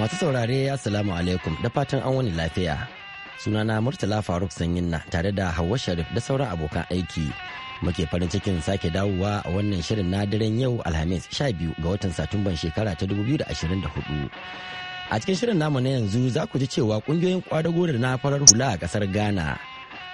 Masu saurare Assalamu alaikum da fatan an wani lafiya. Sunana Murtala Faruk Sanyin na tare da Hauwa Sharif da sauran abokan aiki. Muke farin cikin sake dawowa a wannan shirin na daren yau Alhamis 12 ga watan Satumban shekara ta 2024. A cikin shirin namu na yanzu za ku ji cewa kungiyoyin kwadago da na farar hula a kasar Ghana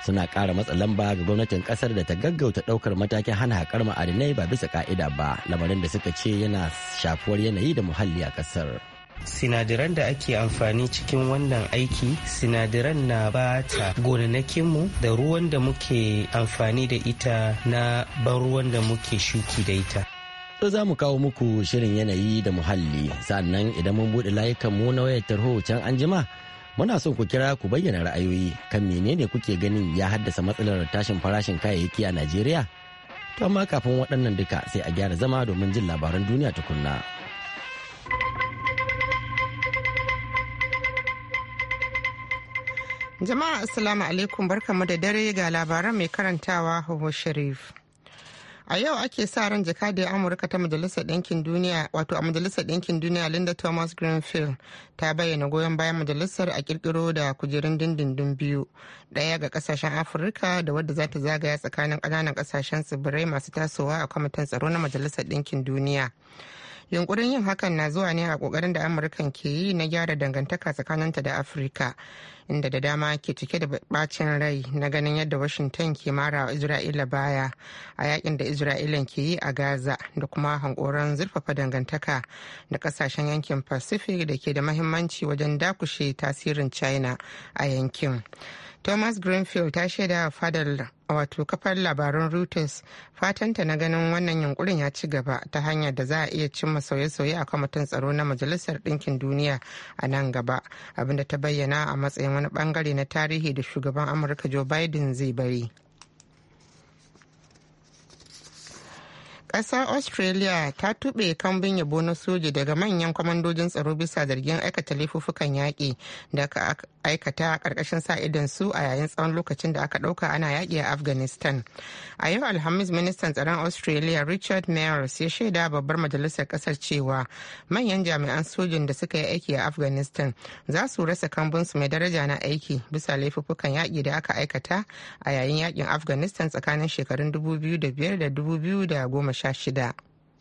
suna ƙara matsa lamba ga gwamnatin ƙasar da ta gaggauta ɗaukar matakin hana haƙar ma'adinai ba bisa ƙa'ida ba lamarin da suka ce yana shafuwar yanayi da muhalli a ƙasar. sinadiran da ake amfani cikin wannan aiki sinadiran na bata gonanakinmu da ruwan da muke amfani da ita na ban ruwan da muke shuki da ita To za mu kawo muku shirin yanayi da muhalli sannan idan mun buɗe layukanmu na wayar tarho can anjima muna son ku kira ku bayyana ra'ayoyi kan menene kuke ganin ya haddasa matsalar tashin farashin kayayyaki a Najeriya. To amma kafin waɗannan duka sai a gyara zama domin jin labaran duniya tukunna. Jama'a Assalamu alaikum barkamu da dare ga labaran mai karantawa Hawa Sharif. A yau ake sa ran jaka da ya Amurka ta Majalisar Ɗinkin Duniya wato a Majalisar Ɗinkin Duniya Linda Thomas Greenfield ta bayyana goyon bayan majalisar a kirkiro da kujerun dindindin biyu ɗaya ga ƙasashen Afirka da wadda za ta zagaya tsakanin ƙananan ƙasashen tsibirai masu tasowa a kwamitin tsaro na Majalisar Ɗinkin Duniya. yunkurin yin hakan na zuwa ne a kokarin da amurkan ke yi na gyara dangantaka tsakaninta da afirka inda da dama ke cike da bacin rai na ganin yadda washington ke mara wa isra'ila baya a yakin da isra'ilan ke yi a gaza da kuma hankoron zurfafa dangantaka da kasashen yankin pacific da ke da mahimmanci wajen dakushe tasirin china a yankin thomas greenfield ta shaida a fadar a wato kafar labarun reuters fatanta na ganin wannan yunkurin ya ci gaba ta hanyar da za a iya cimma sauye-sauye a kwamitin tsaro na majalisar ɗinkin duniya a nan gaba abinda ta bayyana a matsayin wani bangare na tarihi da shugaban amurka joe biden zai bari ƙasar australia ta tuɓe kambin yabo na soji daga manyan kwamandojin tsaro bisa zargin aikata laifuffukan yaƙi da aka aikata ƙarƙashin sa idon su a yayin tsawon lokacin da aka ɗauka ana yaƙi a afghanistan a yau alhamis ministan tsaron australia richard mayers ya shaida babbar majalisar ƙasar cewa manyan jami'an sojin da suka yi aiki a afghanistan za su rasa su mai daraja na aiki bisa laifuffukan yaƙi da aka aikata a yayin yaƙin afghanistan tsakanin shekarun 2005 da 2010 sha shida.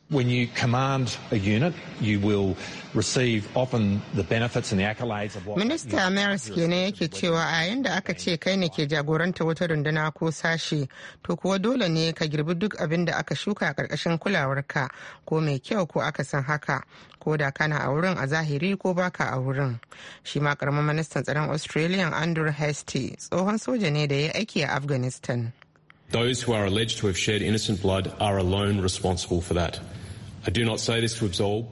When you command a unit, you will receive often the benefits and the accolades of what... Minista Maris kenan yake cewa a yayin da aka ce kai ne ke jagoranta wata runduna ko sashi, to kuwa dole ne ka girbi duk abin da aka shuka a ƙarƙashin kulawarka ko mai kyau ko aka san haka, ko da kana a wurin a zahiri ko baka a wurin. Shi ma ƙaramin ministan tsaron Australian Andrew Hastie tsohon soja ne da ya aiki a Afghanistan. Those who are alleged to have shed innocent blood are alone responsible for that. I do not say this to absolve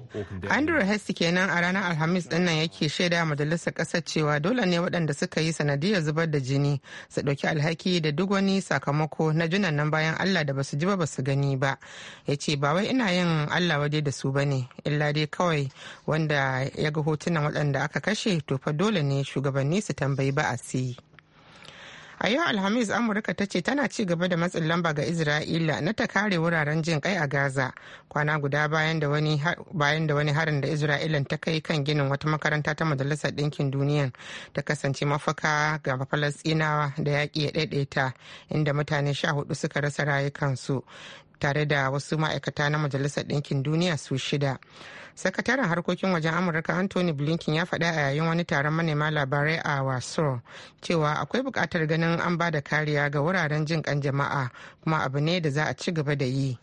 Andrew Hesse kenan a ranar Alhamis din nan yake shaida majalisar ƙasar cewa dole ne waɗanda suka yi sanadiyar zubar da jini su ɗauki alhaki da duk wani sakamako na junan nan bayan Allah da basu ji ba basu gani ba. Ya ce ba wai ina yin Allah waje da su bane illa dai kawai wanda ya ga hotunan waɗanda aka kashe to fa dole ne shugabanni su tambayi ba a siyi. a yau alhamis amurka ta ce tana ci gaba da matsin lamba ga isra'ila na ta kare wuraren jin kai a gaza kwana guda bayan da wani harin da isra'ila ta kai kan ginin wata makaranta ta majalisar ɗinkin duniya ta kasance mafaka ga falastinawa da yaƙi ya ɗaiɗaita inda mutane sha hudu suka rasa rayukansu tare da wasu ma'aikata na majalisar ɗinkin duniya su shida sakataren harkokin wajen amurka anthony blinken ya faɗa a yayin wani taron manema labarai a wasu cewa akwai buƙatar ganin an ba da kariya ga wuraren jin kan jama'a kuma abu ne da za a ci gaba da yi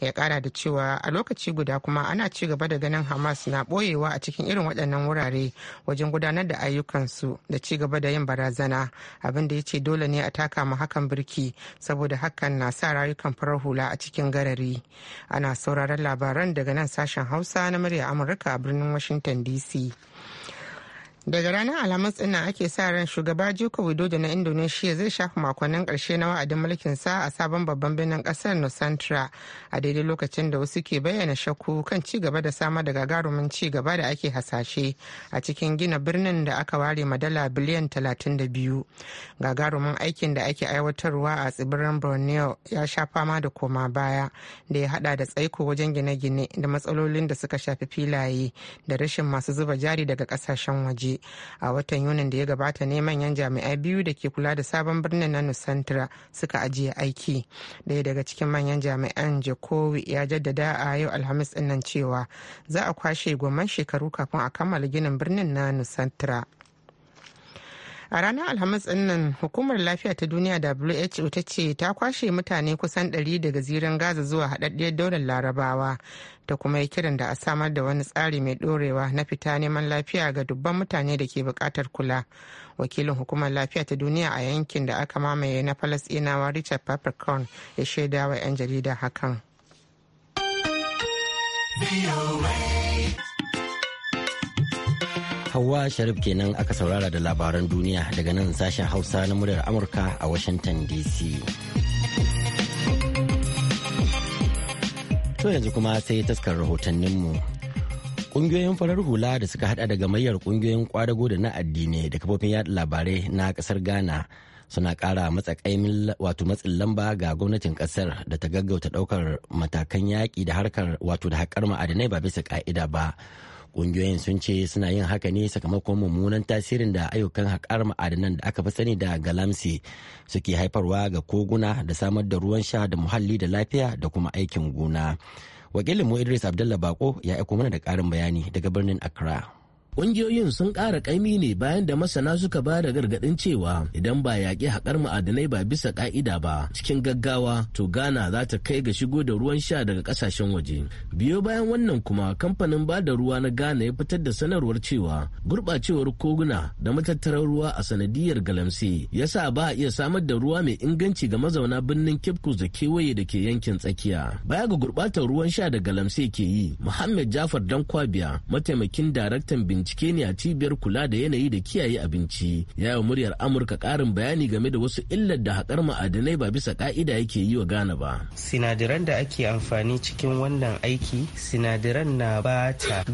ya kara da cewa a lokaci guda kuma ana ci gaba da ganin hamas na boyewa a cikin irin waɗannan wurare wajen gudanar da ayyukansu da ci gaba da yin barazana abin da ya ce dole ne a taka ma hakan birki saboda hakan na sa rayukan farar hula a cikin garari ana sauraron labaran daga nan sashen hausa na murya amurka a birnin washington dc daga ranar alhamis tsina ake sa ran shugaba joko widodo na indonesia zai shafa makonnin karshe na wa'adin mulkin sa a sabon babban birnin kasar nusantara a daidai lokacin da wasu ke bayyana shakku kan ci gaba da samar da gagarumin ci gaba da ake hasashe a cikin gina birnin da aka ware madala biliyan 32 gagarumin aikin da ake aiwatarwa a tsibirin borneo ya sha fama da koma baya da ya hada da tsaiko wajen gine-gine da matsalolin da suka shafi filaye da rashin masu zuba jari daga kasashen waje a watan yunin da ya gabata ne manyan jami'ai biyu da ke kula da sabon birnin na Nusantara suka ajiye aiki daya daga cikin manyan jami'an jakowi ya jaddada a yau alhamis dinnan cewa za a kwashe goma shekaru kafin a kammala ginin birnin na Nusantara. a ranar alhamis nan hukumar lafiya ta duniya who ta ce ta kwashe mutane kusan 100 daga zirin gaza zuwa haɗaɗɗiyar daular larabawa ta kuma yi kiran da a samar da wani tsari mai ɗorewa na fita neman lafiya ga dubban mutane da ke bukatar kula wakilin hukumar lafiya ta duniya a yankin da aka mamaye na falasɗinawa richard Papercorn ya shaidawa 'yan jarida hakan. hauwa Sharif kenan aka saurara da labaran duniya daga nan sashen Hausa na muryar Amurka a Washington DC. To yanzu kuma sai taskar rahotanninmu. ƙungiyoyin farar hula da suka hada da gamayyar ƙungiyoyin kwadago da na addini da kafofin yada labarai na kasar Ghana suna kara matsakaimin wato matsin lamba ga gwamnatin ƙasar da ta gaggauta ɗaukar matakan yaƙi da harkar wato da haƙar ma'adanai ba bisa ƙa'ida ba. Ƙungiyoyin sun ce suna yin haka ne sakamakon mummunan tasirin da ayyukan haƙar ma'adanan da aka fi sani da galamsi suke haifarwa ga koguna da samar da ruwan sha da muhalli da lafiya da kuma aikin gona. Wakilin mu Idris Abdullah Bako ya aiko mana da ƙarin bayani daga birnin Accra. Ƙungiyoyin sun ƙara ƙaimi ne bayan da masana suka ba da gargaɗin cewa idan ba yaƙi haƙar ma'adanai ba bisa ƙa'ida ba cikin gaggawa to Ghana za ta kai ga shigo da ruwan sha daga ƙasashen waje. Biyo bayan wannan kuma kamfanin ba da ruwa na Ghana ya fitar da sanarwar cewa gurɓacewar koguna da matattarar ruwa a sanadiyar galamse ya sa ba a iya samar da ruwa mai inganci ga mazauna birnin Cape da kewaye da ke yankin tsakiya. Baya ga gurɓatar ruwan sha da galamse ke yi, Muhammad Jafar Dankwabiya mataimakin daraktan bin bincike ne a cibiyar kula da yanayi da kiyaye abinci ya yi muryar amurka ƙarin bayani game da wasu illar da haƙar ma'adanai ba bisa ka'ida yake yi wa ghana ba sinadiran da ake amfani cikin wannan aiki sinadiran na bata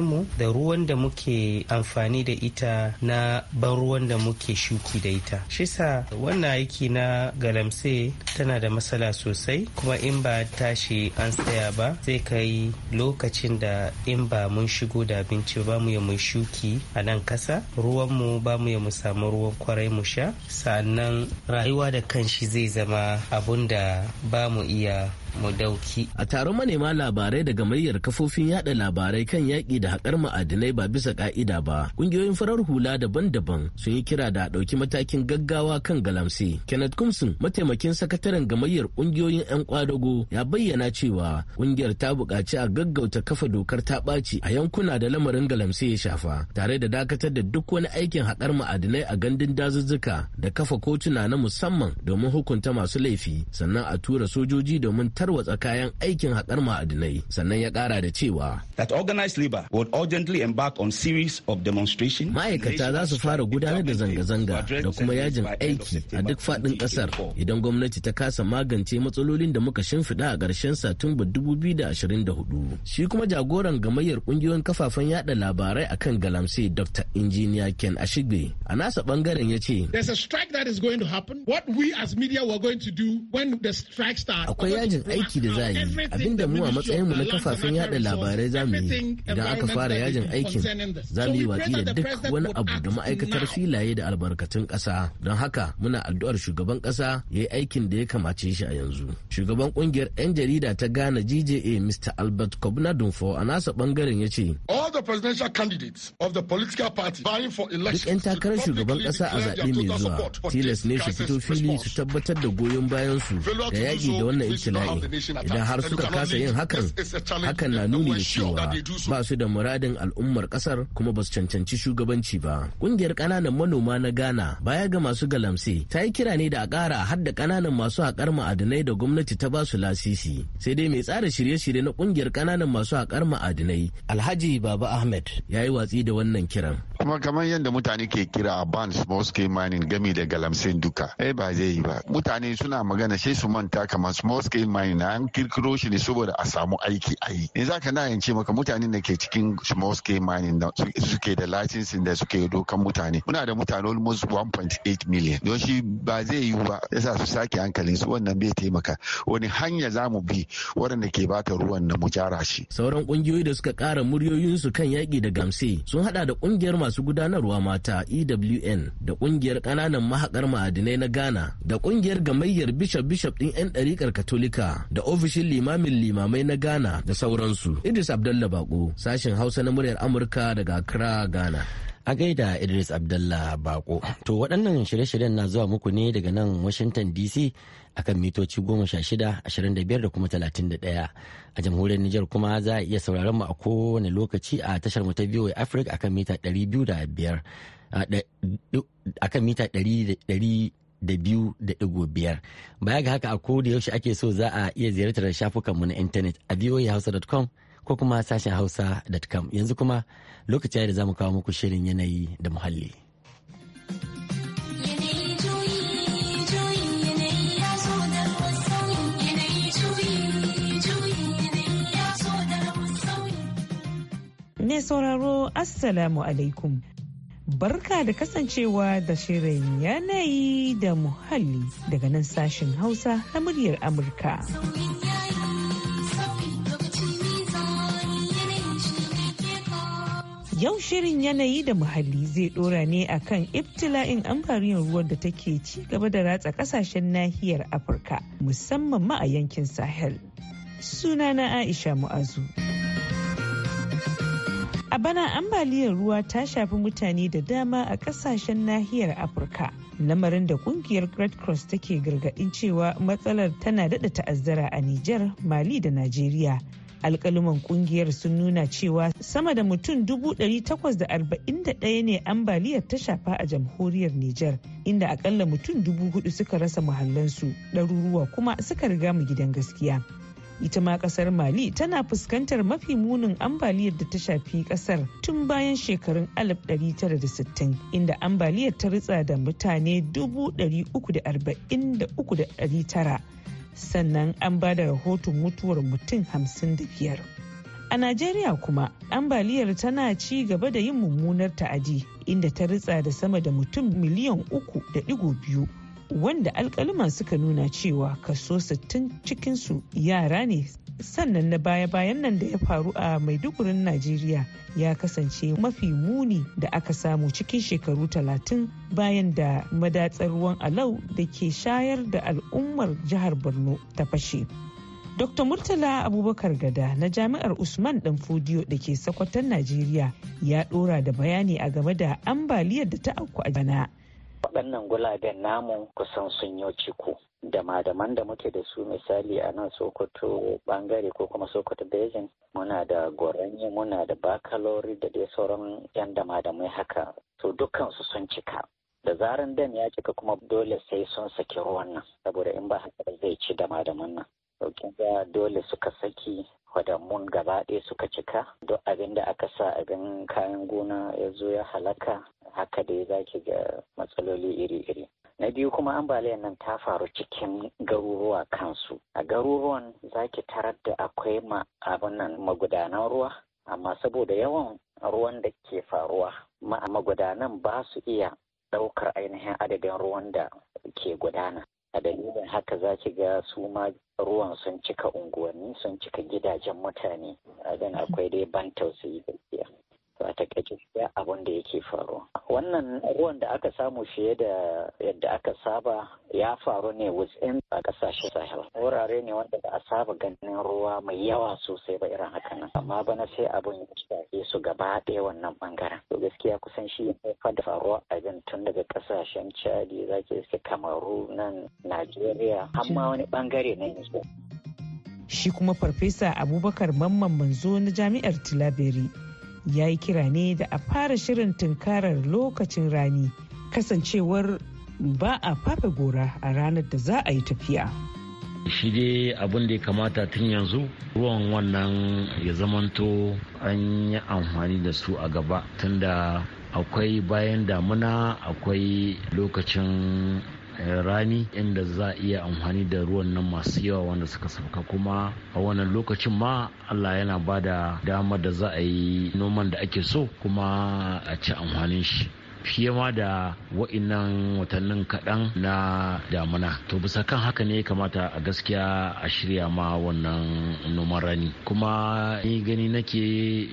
mu da ruwan da muke amfani da ita na ban ruwan da muke shuki da ita shisa wannan aiki na galamse tana da matsala sosai kuma in ba tashi an tsaya ba zai kai lokacin da in ba mun shigo da abinci ba mu ya mu shuki a nan kasa ruwanmu ba mu ya mu samu ruwan kwarai mu sha sannan rayuwa da kanshi zai zama abun da ba mu iya mu dauki. A taron manema labarai daga muryar kafofin yada labarai kan yaƙi da haƙar ma'adinai ba bisa ƙa'ida ba, ƙungiyoyin farar hula daban-daban sun yi kira da ɗauki matakin gaggawa kan galamsi. Kenneth Kumsin, mataimakin sakataren gamayyar ƙungiyoyin 'yan kwadago, ya bayyana cewa ƙungiyar ta buƙaci a gaggauta kafa dokar ta ɓaci a yankuna da lamarin galamsi ya shafa, tare da dakatar da duk wani aikin haƙar ma'adinai a gandun dazuzzuka da kafa kotuna na musamman domin hukunta masu laifi, sannan a tura sojoji domin tarwatsa kayan aikin haƙar ma'adinai sannan ya ƙara da cewa that organized labor would urgently embark on series of demonstration ma'aikata za su fara gudanar da zanga-zanga da kuma yajin aiki a duk faɗin ƙasar idan gwamnati ta kasa magance matsalolin da muka shimfiɗa a ƙarshen satumba 2024 shi kuma jagoran gamayyar ƙungiyoyin kafafen yada labarai akan galamsey dr injiniya ken ashigbe a nasa bangaren ya ce akwai yajin aiki da za a yi abinda mu a matsayinmu na kafafen yada labarai za mu yi idan aka fara yajin aikin za mu yi watsi da duk wani abu da ma'aikatar filaye da albarkatun ƙasa don haka muna addu'ar shugaban ƙasa ya yi aikin da ya kamace shi a yanzu shugaban kungiyar 'yan jarida ta ghana gja mr albert kobna dunfo a nasa bangaren ya ce Duk 'yan takarar shugaban ƙasa a zaɓe mai zuwa tilas ne su fito fili su tabbatar da goyon bayansu da yaƙi da wannan ikilai idan har suka kasa yin hakan hakan na nuni da cewa ba su da muradin al'ummar kasar kuma ba su cancanci shugabanci ba kungiyar kananan manoma na ghana baya ga masu galamse ta yi kira ne da a kara har da kananan masu haƙar ma'adinai da gwamnati ta ba su lasisi sai dai mai tsara shirye-shirye na kungiyar kananan masu haƙar ma'adinai alhaji baba ahmed ya yi watsi da wannan kiran kuma kamar yadda mutane ke kira a ban small scale mining game da galamsin duka eh ba zai yi ba mutane suna magana sai su manta kamar small scale mining an kirkiro shi ne saboda a samu aiki a yi ne zaka na yance maka mutane da ke cikin small scale mining da suke da licensing da suke dokan mutane muna da mutane almost 1.8 million don shi ba zai yi ba yasa su sake hankali su wannan bai taimaka wani hanya za mu bi waɗanda ke bata ruwan na mu shi sauran kungiyoyi da suka kara muryoyinsu kan yaƙi da gamse sun hada da kungiyar masu masu gudanarwa mata EWN da kungiyar kananan mahakar ma'adinai na Ghana da kungiyar gamayyar bishop bishop din 'yan ɗariƙar Katolika da ofishin limamin limamai na Ghana da sauransu. Idris Abdalla Bako sashen Hausa na muryar Amurka daga Accra, Ghana. a gaida Idris Abdalla Bako. To waɗannan shirye-shiryen na zuwa muku ne daga nan Washington DC akan mitoci goma sha shida ashirin da kuma 31 a jamhuriyar Nijar kuma za a iya sauraron mu a kowane lokaci a tashar mu ta VOA Africa akan mita akan mita ɗari da biyu da ɗigo biyar baya ga haka a koda yaushe ake so za a iya ziyartar da shafukanmu na intanet a voahausa.com ko kuma sashen hausa.com yanzu kuma lokaci da za mu kawo muku shirin yanayi da muhalli. mai sauraro Assalamu alaikum. Barka da kasancewa da shirin yanayi da muhalli daga nan sashen Hausa na muryar Amurka. Yau shirin yanayi da muhalli zai dora ne a akan ibtila'in ambaliyar ruwan da take ci gaba da ratsa kasashen nahiyar Afirka musamman ma a yankin Sahel. Sunana Aisha Mu'azu. bana ambaliyar ruwa ta shafi mutane da dama a kasashen nahiyar Afirka. Lamarin da kungiyar Red Cross take gargadin cewa matsalar tana daɗa ta'azzara a niger Mali da nigeria alkaluman kungiyar sun nuna cewa sama da mutum 841 ne ambaliyar ta shafa a jamhuriyar niger inda akalla mutum dubu hudu suka rasa muhallansu ɗaruruwa kuma suka riga mu gidan gaskiya. ita ma kasar mali tana fuskantar mafi munin ambaliyar da ta shafi kasar tun bayan shekarun 1960 inda ambaliyar ta ritsa da mutane 343,900 sannan an ba da rahoton mutuwar mutum 55 a najeriya kuma ambaliyar tana ci gaba da yin mummunar ta'adi inda ta ritsa da sama da mutum miliyan uku da digo biyu wanda alkaliman suka nuna cewa kaso 60 cikinsu yara ne sannan na baya-bayan nan da ya faru a maidugurin najeriya ya kasance mafi muni da aka samu cikin shekaru 30 bayan da madatsar ruwan alau da ke shayar da al'ummar jihar borno ta fashe Dr. Murtala Abubakar Gada na Jami'ar Usman Danfodiyo da ke Sokoto, Najeriya ya ɗora da bayani a game da ambaliyar da ta auku a bana waɗannan gulaben namu kusan sun yi ciko da madaman da muke da su misali a nan sokoto bangare ko kuma sokoto bejin muna da goranyi muna da bakalori da dai sauran yan da madamai haka to dukkansu sun cika da zaran dan ya cika kuma dole sai sun saki ruwan nan saboda in ba haka zai ci da madaman nan kin ga dole suka saki wadamun gaba ɗaya suka cika duk abin da aka sa abin kayan gona ya zo ya halaka haka dai za ki ga matsaloli iri-iri na biyu kuma ambaliyar nan ta faru cikin garuruwa kansu a garuruwan zaki tarar da akwai abin nan magudanan ruwa amma saboda yawan ruwan da ke faruwa magudanan ba su iya ɗaukar ainihin adadin ruwan da ke gudana a dalilin haka za ki ga su ma ruwan sun cika unguwanni sun cika gidajen mutane abin akwai dai ban tausayi gaskiya Ba a takaice ya abin da yake faruwa wannan ruwan da aka samu fiye da yadda aka saba ya faru ne within a kasashen sahel wurare ne wanda ba a saba ganin ruwa mai yawa sosai ba irin haka nan amma bana sai abin ya su gaba ɗaya wannan bangaren to gaskiya kusan shi ya haifar da faruwa abin tun daga kasashen chadi zaki iske kamaru nan najeriya har ma wani bangare na yanzu shi kuma farfesa abubakar mamman manzo na jami'ar tilaberi ya yi kira ne da a fara shirin tunkarar lokacin rani kasancewar ba a fafe gora a ranar da za a yi tafiya. shi dai abin da ya kamata tun yanzu ruwan wannan ya zamanto an yi amfani da su a gaba tunda akwai bayan damuna akwai lokacin Eh, rani inda za a iya amfani da ruwan nan masu yawa wanda suka sauka kuma a wannan lokacin ma allah yana ba da dama da za a yi noman da ake so kuma a ci amfanin shi fiye ma da wa'innan watannin kaɗan na damuna to bisa kan haka ne kamata a gaskiya a shirya ma wannan noman rani kuma ni gani nake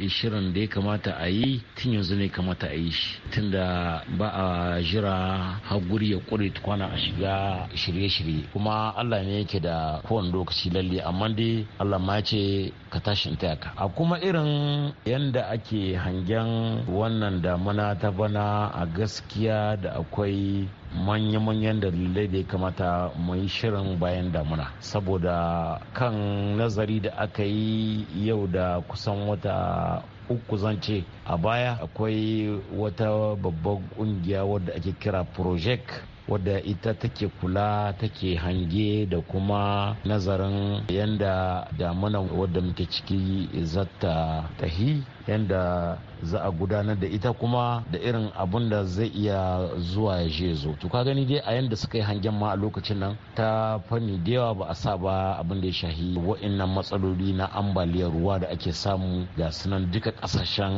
shirin da ya kamata a yi tun yanzu ne kamata a yi shi da ba a jira har guri ya kure tukwana a shiga shirye-shirye kuma allah ne yake da kowane lokaci lalle amma dai allah ma ce ka tashin tayaka a kuma irin yanda ake hangen wannan damuna ta bana a gaskiya da akwai manya-manyan dalilai da ya kamata mu yi shirin bayan damuna saboda kan nazari da aka yi yau da kusan wata uku zance a baya akwai wata babban kungiya wadda ake kira project wadda ita take kula take hange da kuma nazarin yadda damuna wadda muke ciki zata tahi yadda za a gudanar da ita kuma da irin abun da zai iya zuwa ya je zo to ka gani dai a yanda suka yi hangen ma a lokacin nan ta fanni da yawa ba a sa ba abin da ya shahi wa'annan matsaloli na ambaliyar ruwa da ake samu ga sunan duka kasashen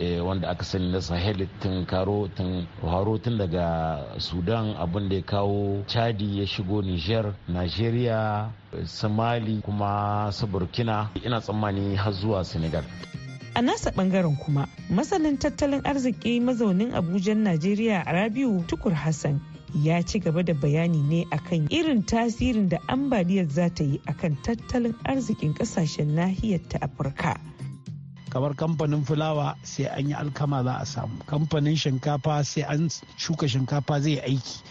eh, wanda aka sani na sahel tun karo tun haro tun daga sudan a abin da ya kawo chadi ya shigo niger nigeria somali kuma su burkina ina tsammani har zuwa senegal a nasa bangaren kuma masanin tattalin arziki mazaunin abujan najeriya rabiu tukur hassan ya ci gaba da bayani ne akan irin tasirin da ambaliyar za ta yi akan tattalin arzikin kasashen nahiyar ta afirka kamar kamfanin fulawa sai an yi alkama za a samu kamfanin shinkafa sai an shuka shinkafa zai aiki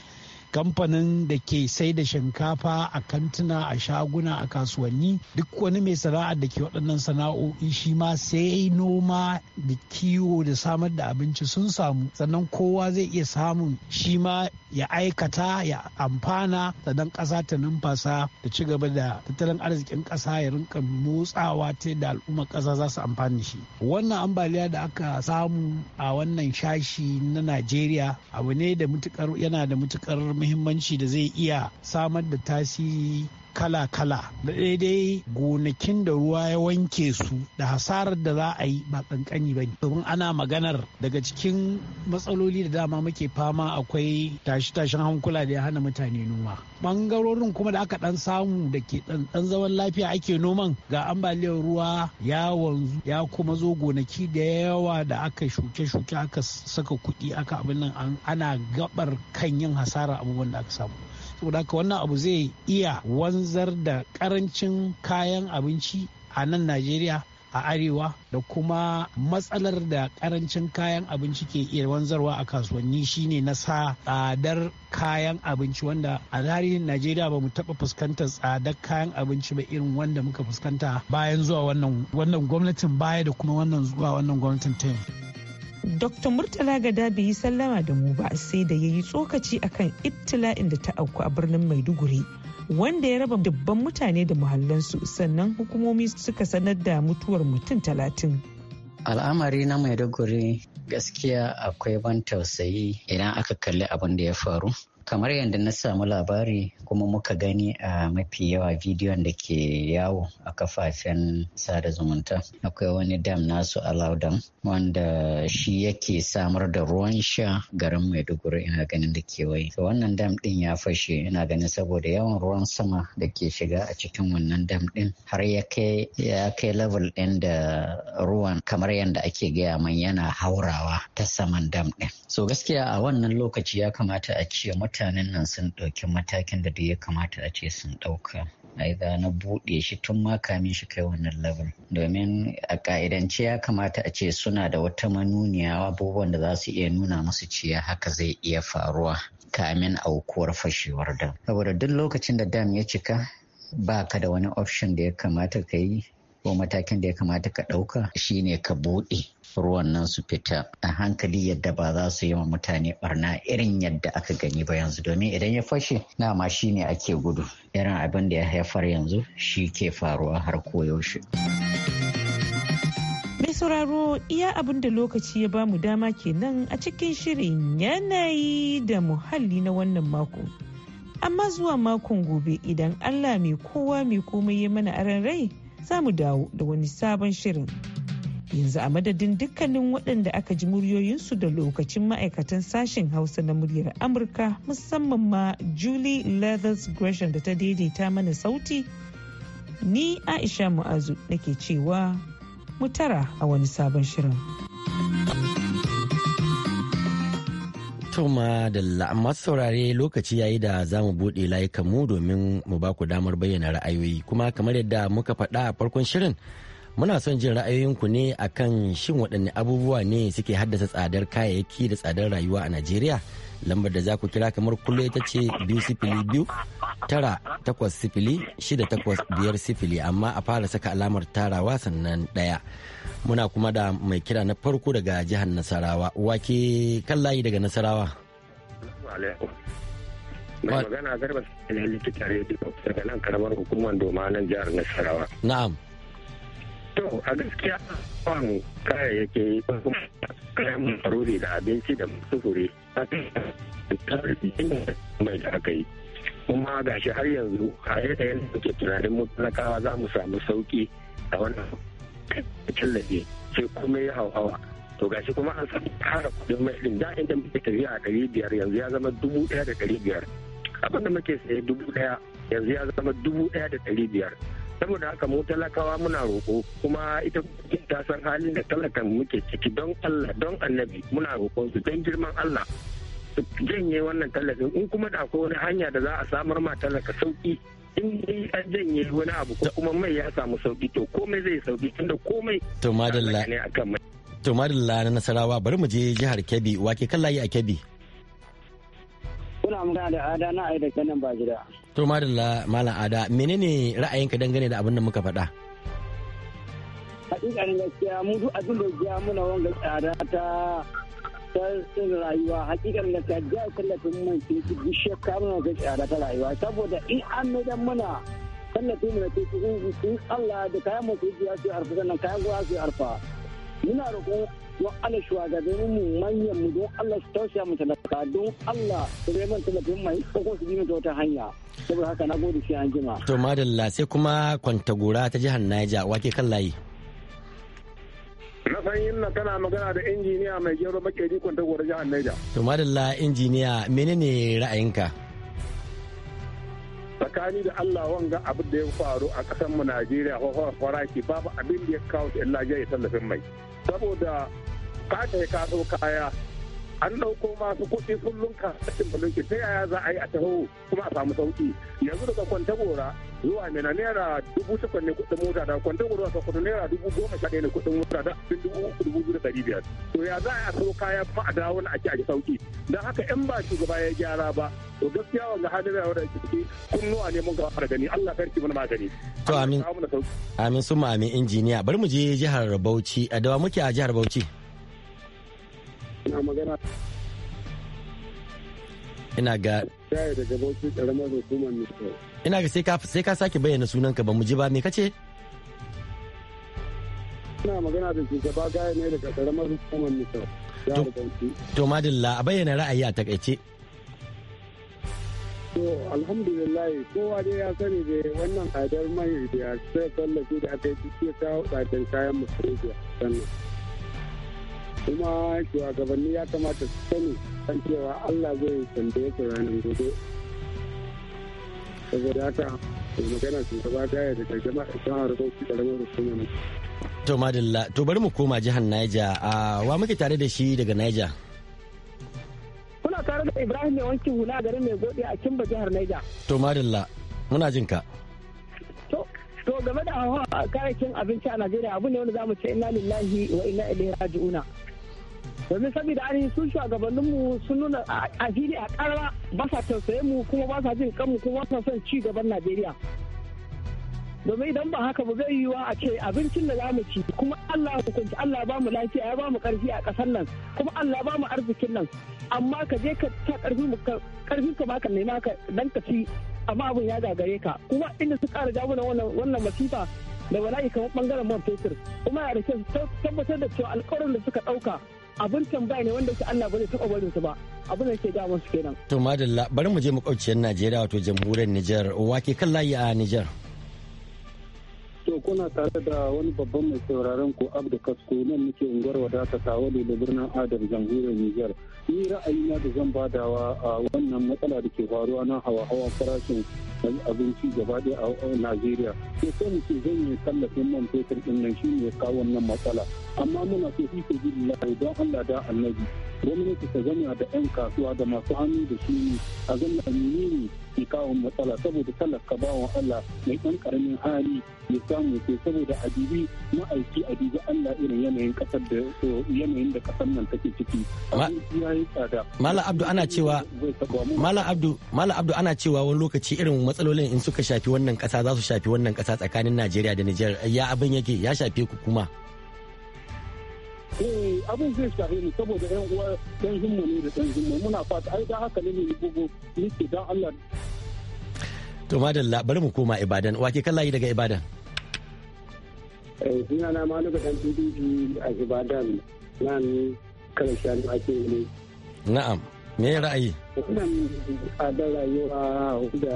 kamfanin da ke sai da shinkafa a kantuna a shaguna a kasuwanni duk wani mai sana'ar da ke waɗannan sana'o'i shi ma sai noma da kiwo da samar da abinci sun samu sannan kowa zai iya samun shi ma ya aikata ya amfana sannan ƙasa ta numfasa da ci gaba da tattalin arzikin ƙasa ya rinka motsawa ta da al'ummar ƙasa za su amfani shi wannan ambaliya da aka samu a wannan shashi na najeriya abu ne da mutukar yana da mutukar muhimmanci da zai iya samar da tasiri kala-kala da daidai gonakin da ruwa ya wanke su da hasarar da za a yi ba kankani ba domin ana maganar daga cikin matsaloli da dama muke fama akwai tashi-tashin hankula da ya hana mutane noma bangarorin kuma da aka dan samu da ke dan zaman lafiya ake noman ga ambaliyar ruwa ya wanzu ya kuma zo gonaki da yawa da aka shuke-shuke aka saka kuɗi aka abin nan ana gabar kan yin hasara abubuwan da aka samu saboda haka wannan abu zai iya wanzar da karancin kayan abinci a nan najeriya a arewa da kuma matsalar da karancin kayan abinci ke iya wanzarwa a kasuwanni shine na sa tsadar kayan abinci wanda a tarihin najeriya ba mu taɓa fuskantar tsadar kayan abinci ba irin wanda muka fuskanta bayan zuwa wannan gwamnatin baya da kuma wannan zuwa wannan gwamnatin ta Dr. Murtala Gada bai yi sallama da mu ba sai da ya yi tsokaci akan ibtila'in da ta auku a birnin Maiduguri. Wanda ya raba dubban mutane da muhallansu sannan hukumomi suka sanar da mutuwar mutum talatin. Al'amari na Maiduguri gaskiya akwai ban tausayi idan aka kalli abin da ya faru. kamar yadda na samu labari kuma muka gani a mafi yawa bidiyon da ke yawo a kafafen sada zumunta akwai wani dam nasu alaudan wanda shi yake samar da ruwan sha garin maiduguri ina ganin da kewaye to wannan dam din ya fashe ina ganin saboda yawan ruwan sama da ke shiga a cikin wannan dam din har ya kai ya kai level din da ruwan kamar yadda ake gaya man yana haurawa ta saman dam din so gaskiya a wannan lokaci ya kamata a ce mutanen nan sun ɗauki matakin da duk ya kamata a ce sun ɗauka aiga na buɗe shi tun ma kamin shi kai wannan level domin a ƙa'idance ya kamata a ce suna da wata manuniya abubuwan da za su iya nuna musu ciya haka zai iya faruwa kamin aukuwar fashewar dam saboda duk lokacin da dam ya cika ba ka da wani option da ya kamata ka yi ko matakin da ya kamata ka ɗauka shine ka buɗe ruwan nan su fita a hankali yadda ba za su yi wa mutane barna irin yadda aka gani ba yanzu domin idan ya fashe nama shine ake gudu irin abin da ya haifar yanzu shi ke faruwa har koyaushe. mai sauraro iya abin da lokaci ya bamu dama kenan a cikin shirin yanayi da muhalli na wannan mako amma zuwa makon gobe idan allah mai kowa mai komai ya mana aran rai za mu dawo da wani sabon shirin. Yanzu a madadin dukkanin waɗanda aka ji muryoyinsu da lokacin ma'aikatan sashen Hausa na muryar Amurka musamman ma Julie Leathers Gresham da ta daidaita mana sauti. Ni Aisha Mu'azu nake cewa mutara a wani sabon shirin. To ma da masu saurare lokaci yayi da za mu buɗe layukan mu domin mu ba ku damar bayyana ra'ayoyi kuma kamar yadda muka faɗa a farkon shirin muna son jin ra'ayoyinku ne akan shin waɗanne abubuwa ne suke haddasa tsadar kayayyaki da tsadar rayuwa a najeriya lambar da za ku kira kamar kullu ita ce biyu sifili biyu tara takwas sifili shida takwas biyar sifili amma a fara saka alamar tarawa sannan ɗaya muna kuma da mai kira na farko daga jihar nasarawa wake kan layi daga nasarawa magana garba daga nan karamar hukumar doma nan jihar nasarawa na'am To a gaskiya kwan kayayyaki ko kuma kayan marori da abinci da sufuri a mai da aka yi. Kuma ga shi har yanzu a yadda da ke tunanin mutalakawa za mu samu sauki a wannan tallafi sai kuma ya hauhawa. To gashi kuma an samu kara kudin mai din da inda muke tafiya a ɗari biyar yanzu ya zama dubu ɗaya da ɗari biyar. Abin da muke saye dubu ɗaya yanzu ya zama dubu ɗaya da ɗari biyar. saboda haka mu talakawa muna roƙo kuma ita ta san halin da talakan muke ciki don Allah don annabi muna roƙon su don girman Allah su janye wannan tallafin in kuma da akwai wani hanya da za a samar ma talaka sauki in dai an janye wani abu ko kuma mai ya samu sauki to komai zai sauki tunda komai to madalla ne akan mai to madalla na nasarawa bari mu je jihar Kebbi wake kallaye a Kebbi kuna magana da adana ai da kanan ba gida to madalla malam ada menene ra'ayinka dangane da abin da muka faɗa hakikanin gaskiya mu duk abin da ya muna wanga tsada ta tsarin rayuwa hakikanin gaskiya ga tallafin mun kinki duk shekka na ga tsada ta rayuwa saboda in an dan muna tallafin mu na in Allah da kayan mu su arfa sannan kayan goya su arfa muna roƙon don Allah shugabannin mu manyan mu don Allah su tausaya mu talaka don Allah su neman talafin mai ko su bi ta wata hanya saboda haka na gode sai an jima to madalla sai kuma kwantagora ta jihar Niger wake kan layi na san yin na kana magana da injiniya mai gero makeri kwantagora jihar Niger to madalla injiniya menene ra'ayinka tsakani da Allah wanga abin da ya faru a kasar mu Najeriya faraki babu abin da ya kawo illa ya tallafin mai saboda ka ka kaya an ɗauko masu kuɗi kullum ka cikin bulunki ta yaya za a yi a taho kuma a samu sauki yanzu daga kwantagora zuwa mina naira dubu takwas ne kuɗin mota da kwantagora zuwa ne naira dubu goma sha ɗaya ne kuɗin mota da sun dubu uku dubu biyu da ɗari biyar to ya za a yi a taho kaya kuma a dawo na ake a sauki don haka in ba shugaba ya gyara ba to gaskiya wanga halin rayuwa da ake ciki kunnuwa ne mun ga da gani Allah karki mana magani. To amin amin sun ma amin injiniya bari mu je jihar Bauchi a dawa muke a jihar Bauchi. Ina magana. Ina ga. Jaya daga Ina ga sai ka sake bayyana sunanka ba mu ji ba me kace? Ina magana da shugaba gaya ne daga karamar hukumar Nisa. To madalla a bayyana ra'ayi a takaice. to alhamdulillah kowa dai ya sani da wannan tsadar mai da ya tallafi da aka yi ya kawo tsadar kayan musulunci sannan kuma shugabanni ya kamata su sani kan cewa Allah zai ya su ranar gobe saboda haka da magana shugaba ta ya da tarjama a kan harkokin karamar hukumar to madalla to bari mu koma jihar Niger a wa muke tare da shi daga Niger kuna tare da Ibrahim ne wanki hula garin mai gobe a Kimba jihar Niger to madalla muna jin ka to game da hawa kayayyakin abinci a Najeriya abu ne wanda mu ce inna lillahi wa inna ilaihi raji'una domin saboda ainihin sun shugabanninmu sun nuna a fili a kara ba sa tausaye mu kuma ba sa jin kanmu kuma ba sa son ci gaban najeriya domin idan ba haka ba zai wa a ce abincin da za mu ci kuma Allah hukunci Allah ba mu lafiya ya ba mu karfi a kasar nan kuma Allah ba mu arzikin nan amma ka je ka ta karfi mu karfi ka ba nema ka dan ka ci amma abin ya gagare ka kuma inda su kara jawo wannan wannan masifa da bala'i kamar bangaren man fetur kuma ya rike tabbatar da cewa alƙawarin da suka ɗauka abin tambaya ne wanda ke Allah ba taba taɓa barin su ba abin da ke da musu kenan. To madalla bari mu je makwabciyar Najeriya wato jamhuriyar niger wake kan layi a niger. To kuna tare da wani babban mai sauraron ko Abdu Kasko nan muke unguwar wadata tawali da birnin Adam jamhuriyar niger Ni ra'ayi na da zan badawa a wannan matsala da ke faruwa na hawa-hawa farashin abinci gaba ɗaya a Najeriya. To sai mu ce zan yi tallafin man fetur ɗin nan shi ne kawo wannan matsala. Amma muna so fi su don Allah da annabi. gwamnati ta zama da 'yan kasuwa da masu hannu da ne a zama amini ke kawo matsala saboda talaka bawan Allah mai ɗan ƙaramin hali ya samu sai saboda a dubi ma'aiki a dubi Allah irin yanayin ƙasar da yanayin da ƙasar nan take ciki. Mala Abdu ana cewa Mala Abdu Mala Abdu ana cewa wani lokaci irin matsalolin in suka shafi wannan ƙasa za su shafi wannan ƙasa tsakanin Najeriya da Nijar ya abin yake ya shafe ku kuma. eh abin zai shafe ne saboda yan uwa dan zumma ne da yan zumma muna fata ai da haka ne ne bugu nake dan Allah to madalla bari mu koma ibadan wake kallayi daga ibadan eh dina na ma maluka dan tudu a ibadan nan kan karshen ake ne na'am me ra'ayi nan a da rayuwa da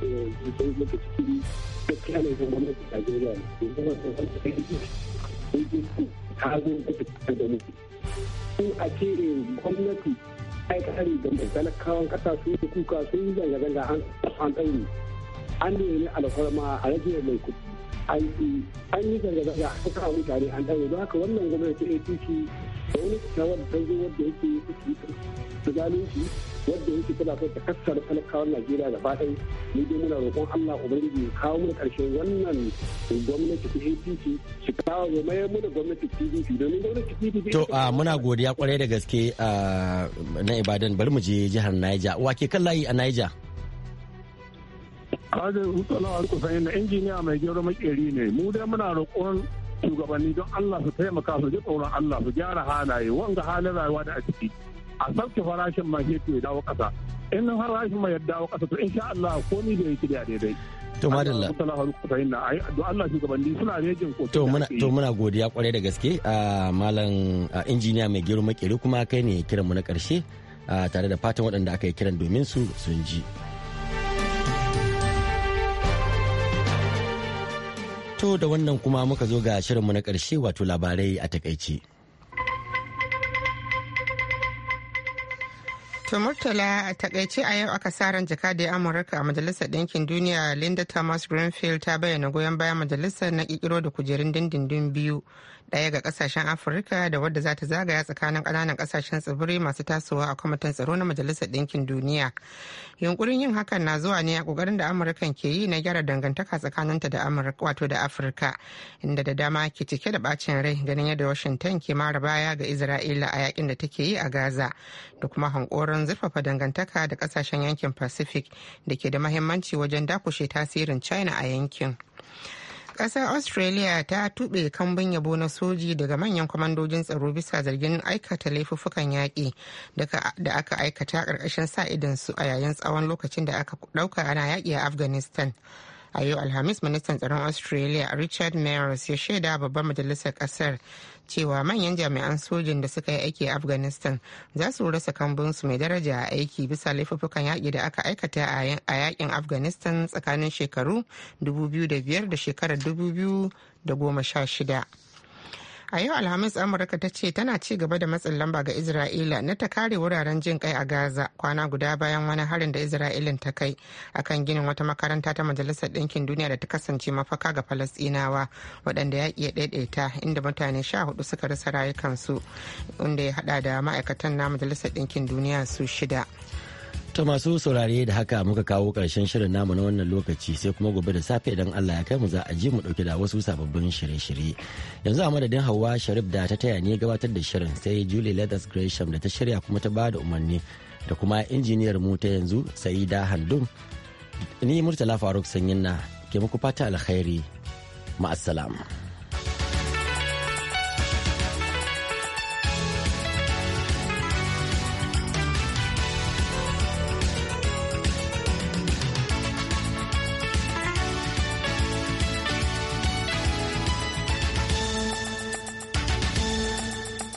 eh mutu cikin gwamnati a Najeriya ta zo da fitar da mutu sun a ce gwamnati ta yi tsari da mai talakawan kasa sun yi kuka sun yi zanga-zanga an ɗaure an nemi alfarma a rage mai kuɗi an yi zanga-zanga a kasa mutane an ɗaure don haka wannan gwamnati ta yi tuki da wani kyawar ta zo wadda yake yi tuki da zalunci wadda yake tana so ta kassara talakawan najeriya gaba ɗaya ni dai muna roƙon allah ubangiji ya kawo mana ƙarshen wannan gwamnati ta apc su kawo ya mayar mana gwamnati pdp domin gwamnati pdp to muna godiya kwarai da gaske na ibadan bari mu je jihar wa wake kan layi a naija Kaje Mutala Alkusa ina injiniya mai gero makeri ne mu dai muna roƙon shugabanni don Allah su taimaka su ji tsoron Allah su gyara halaye wanga halin rayuwa da a ciki a sauke farashin ma fetur ya dawo kasa in farashin ma ya dawo kasa to insha Allah ko ni da yake da daidai to madalla Allah shugabanni suna rejin ko to muna to muna godiya kwarai da gaske a malam injiniya mai gero makere kuma kai ne kiran mu na karshe tare da fatan waɗanda aka yi kiran domin su sun ji to da wannan kuma muka zo ga shirinmu na ƙarshe wato labarai a takaice. To Murtala a takaice a yau aka sa ran jakadiyar Amurka a Majalisar Ɗinkin Duniya Linda Thomas Greenfield ta bayyana goyon bayan majalisar na kikiro da kujerun dindindin biyu daya ga kasashen afirka da wadda za ta zagaya tsakanin kananan kasashen tsibiri masu tasowa a kwamitin tsaro na majalisar ɗinkin duniya yunkurin yin hakan na zuwa ne a ƙoƙarin da amurkan ke yi na gyara dangantaka tsakaninta da amurka wato da afirka inda da dama ke cike da bacin rai ganin yadda washington ke mara baya ga isra'ila a yakin da take yi a gaza da kuma hankoron zurfafa dangantaka da kasashen yankin pacific da ke da mahimmanci wajen dakushe tasirin china a yankin Ƙasar Australia ta tuɓe kambun yabo na soji daga manyan kwamandojin tsaro bisa zargin aikata laifuffukan yaƙi da aka aikata ƙarƙashin sa su a yayin tsawon lokacin da aka ɗauka ana yaƙi a Afghanistan. a yau alhamis ministan tsaron australia richard mayeres ya shaida babban majalisar kasar cewa manyan jami'an sojin da suka yi aiki a afghanistan za su rasa kambunsu mai daraja a aiki bisa laifuffukan yaƙi da aka aikata a yaƙin afghanistan tsakanin shekaru 2005 da shekarar 2016 a yau alhamis amurka ta ce tana ci gaba da matsin lamba ga isra'ila na ta kare wuraren jin kai a gaza kwana guda bayan wani harin da isra'ilin ta kai akan ginin wata makaranta ta majalisar ɗinkin duniya da ta kasance mafaka ga falasɗinawa waɗanda ya iya ɗaiɗaita inda mutane sha hudu suka rasa rayukansu inda ya haɗa da ma'aikatan na majalisar ɗinkin duniya su shida To masu saurare da haka muka kawo karshen shirin namu na wannan lokaci sai kuma gobe da safe idan Allah ya kai mu za a ji mu ɗauki da wasu sababbin shirye-shirye yanzu a madadin Hauwa Sharif da ta taya ne gabatar da shirin sai Julie Leathers Gresham da ta shirya kuma ta bada umarni da kuma injiniyar mu ta yanzu Saida Handum ni Murtala Faruk Sanyin na ke muku fata alkhairi ma'assalam.